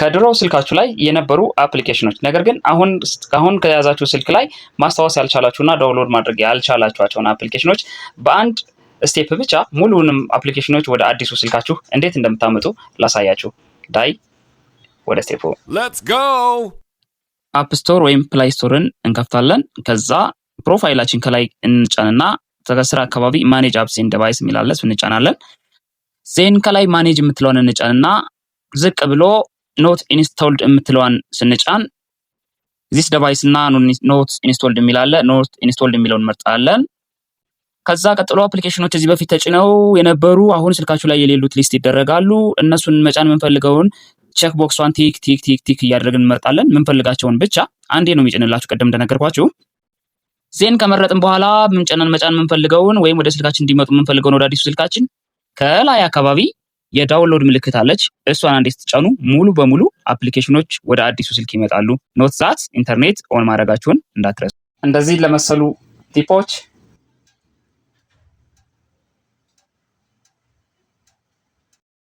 ከድሮ ስልካችሁ ላይ የነበሩ አፕሊኬሽኖች ነገር ግን አሁን አሁን ከያዛችሁ ስልክ ላይ ማስታወስ ያልቻላችሁና ዳውንሎድ ማድረግ ያልቻላችኋቸውን አፕሊኬሽኖች በአንድ ስቴፕ ብቻ ሙሉንም አፕሊኬሽኖች ወደ አዲሱ ስልካችሁ እንዴት እንደምታመጡ ላሳያችሁ። ዳይ ወደ ስቴፕ ሌትስ ጎ። አፕ ስቶር ወይም ፕላይ ስቶርን እንከፍታለን። ከዛ ፕሮፋይላችን ከላይ እንጫንና ከስራ አካባቢ ማኔጅ አፕስ ኤንድ ዲቫይስ የሚላለ እንጫናለን። ዜን ከላይ ማኔጅ የምትለውን እንጫንና ዝቅ ብሎ ኖት ኢንስቶልድ የምትለዋን ስንጫን ዚስ ደቫይስ እና ኖት ኢንስቶልድ የሚላለ ኖት ኢንስቶልድ የሚለውን መርጣለን። ከዛ ቀጥሎ አፕሊኬሽኖች እዚህ በፊት ተጭነው የነበሩ አሁን ስልካችሁ ላይ የሌሉት ሊስት ይደረጋሉ። እነሱን መጫን የምንፈልገውን ቼክ ቦክሷን ቲክ ቲክ ቲክ ቲክ እያደረግን እንመርጣለን። የምንፈልጋቸውን ብቻ አንዴ ነው የሚጭንላችሁ፣ ቀደም እንደነገርኳችሁ። ዜን ከመረጥን በኋላ ምንጨነን መጫን የምንፈልገውን ወይም ወደ ስልካችን እንዲመጡ የምንፈልገውን ወደ አዲሱ ስልካችን ከላይ አካባቢ የዳውንሎድ ምልክት አለች። እሷን አንዴ ስትጫኑ ሙሉ በሙሉ አፕሊኬሽኖች ወደ አዲሱ ስልክ ይመጣሉ። ኖት ዛት ኢንተርኔት ኦን ማድረጋችሁን እንዳትረሱ። እንደዚህ ለመሰሉ ቲፖች